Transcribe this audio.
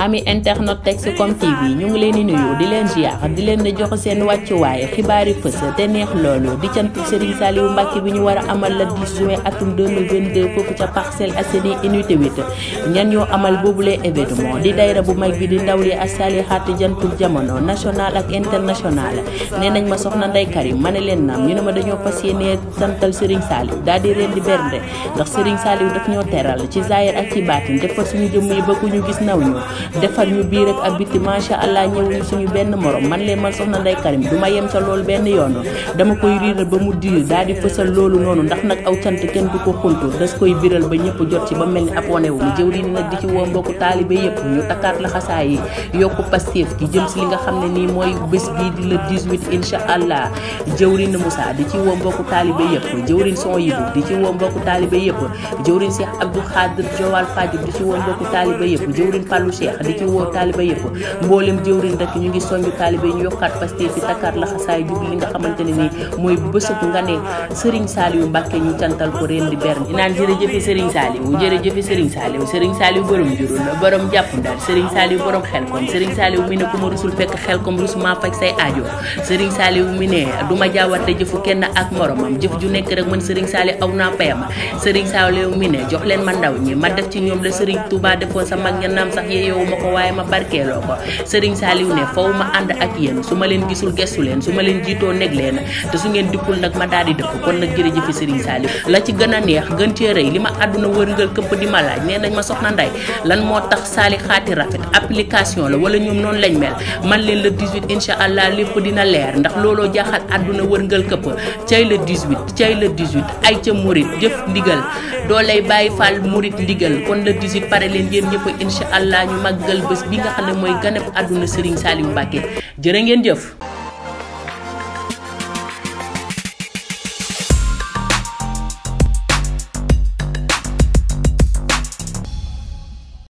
ami internet Texcom TV ñu ngi leen di nuyu di leen ziar di leen jox seen wàccuwaay xibaari fës te neex loolu di cantu Serigne Saliou Mbacke bi ñu war a amal la 10 juin atum 2022 foofu ca Parcelles Assainies unité 8 ñan ñoo amal boobule événement di dayra bu mag bi di ndaw li asalihaat jantul jamono national ak international nee nañ ma soxna Ndey Karim ma ne leen naam ñu ne ma dañoo fas yéenee santal Serigne Saliou daal di leen di bernde ndax Serigne Saliou daf ñoo teral ci zaahir ak ci baatin defar suñu jëmm yi ba ñu gis naw ñu defar ñu biir ak ak biti macha allah ñëwuñu suñu benn morom man lee man soxna Ndeye Karim du ma yem sa loolu benn yoon dama koy riiral ba mu diir daal di fësal loolu noonu ndax nag aw cant kenn du ko xuntu das koy biral ba ñëpp jot ci ba mel ni ab wane wu jëw di nag di ci woo mbokku taalibe yëpp ñu takkaat la xasaa yi yokku pastéef gi jëm si li nga xam ne nii mooy bés bii di le 18 incha allah jëwrin Moussa di ci woo son yibu di ci woo mbokku taalibe yëpp jëwrin Cheikh Abdou Khadir Jowal Fajib di ci woo mbokku taalibe yëpp jëwrin Fallou Cheikh di ci woo taaliba yëpp mboolem jëwriñ rek ñu ngi soñju taaliba yi ñu yokkaat pasté fi takkaat la xasaay jug li nga xamante ne nii mooy bésub nga ne Serigne Saliou Mbacke ñu cantal ko reen di naan jërëjëfe Serigne Saliou jërëjëfe Serigne Saliou mi ne ku ma rusul fekk xelkom rusu maa faj say aajo Serigne Saliou mi ne du ma jaawate jëfu kenn ak moromam jëf ju nekk rek man Serigne Saliou aw naa payam Serigne Saliou mi ne jox leen ma ndaw ñi ma def ci ñoom la Serigne yeewu ma ko waaye ma barkeeloo ko Serigne Saliou ne foofu ma ànd ak yéen su ma leen gisul gestu leen su ma leen jiitoo neg leen te su ngeen dikkul nag ma daal di kon la ci a li ma àdduna wërngal këpp di ma laaj nee nañ ma soxna la wala le 18 incha allah lépp dina leer ndax looloo jaaxal àdduna wërngal këpp cay le 18 cay le 18 ay ca murit jëf ndigal doo lay bàyyi fall murit pare leen yéen ñëpp incha allah màggal bés bi nga xam ne mooy ganab àdduna Serigne Saliou Mbacké jërë ngeen jëf